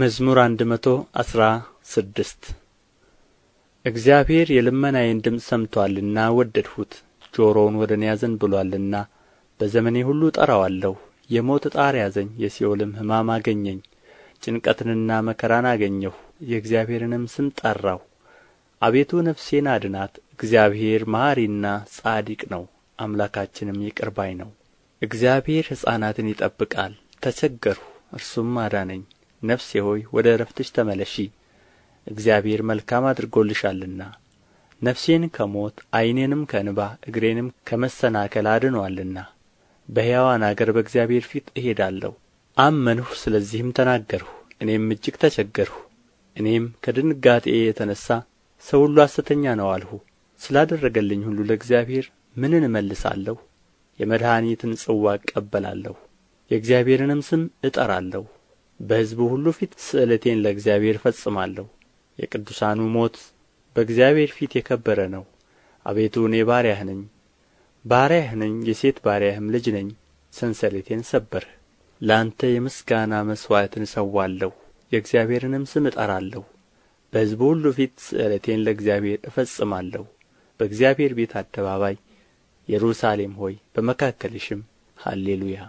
መዝሙር መቶ አስራ ስድስት እግዚአብሔር የልመናዬን ድምፅ ሰምቶአልና ወደድሁት። ጆሮውን ወደ እኔ አዘንብሎአልና በዘመኔ ሁሉ ጠራዋለሁ። የሞት ጣር ያዘኝ፣ የሲኦልም ሕማም አገኘኝ። ጭንቀትንና መከራን አገኘሁ፣ የእግዚአብሔርንም ስም ጠራሁ። አቤቱ ነፍሴን አድናት። እግዚአብሔር መሐሪና ጻድቅ ነው፣ አምላካችንም ይቅር ባይ ነው። እግዚአብሔር ሕፃናትን ይጠብቃል። ተቸገርሁ፣ እርሱም አዳነኝ። ነፍሴ ሆይ ወደ ዕረፍትሽ ተመለሺ እግዚአብሔር መልካም አድርጎልሻልና ነፍሴን ከሞት አይኔንም ከንባ፣ እግሬንም ከመሰናከል አድኖአልና በሕያዋን አገር በእግዚአብሔር ፊት እሄዳለሁ አመንሁ ስለዚህም ተናገርሁ እኔም እጅግ ተቸገርሁ እኔም ከድንጋጤ የተነሣ ሰው ሁሉ ሐሰተኛ ነው አልሁ ስላደረገልኝ ሁሉ ለእግዚአብሔር ምንን እመልሳለሁ የመድኃኒትን ጽዋ እቀበላለሁ የእግዚአብሔርንም ስም እጠራለሁ በሕዝቡ ሁሉ ፊት ስእለቴን ለእግዚአብሔር እፈጽማለሁ። የቅዱሳኑ ሞት በእግዚአብሔር ፊት የከበረ ነው። አቤቱ እኔ ባሪያህ ነኝ፣ ባሪያህ ነኝ፣ የሴት ባሪያህም ልጅ ነኝ። ሰንሰለቴን ሰበርህ። ለአንተ የምስጋና መሥዋዕትን እሰዋለሁ፣ የእግዚአብሔርንም ስም እጠራለሁ። በሕዝቡ ሁሉ ፊት ስእለቴን ለእግዚአብሔር እፈጽማለሁ። በእግዚአብሔር ቤት አደባባይ ኢየሩሳሌም ሆይ በመካከልሽም ሃሌሉያ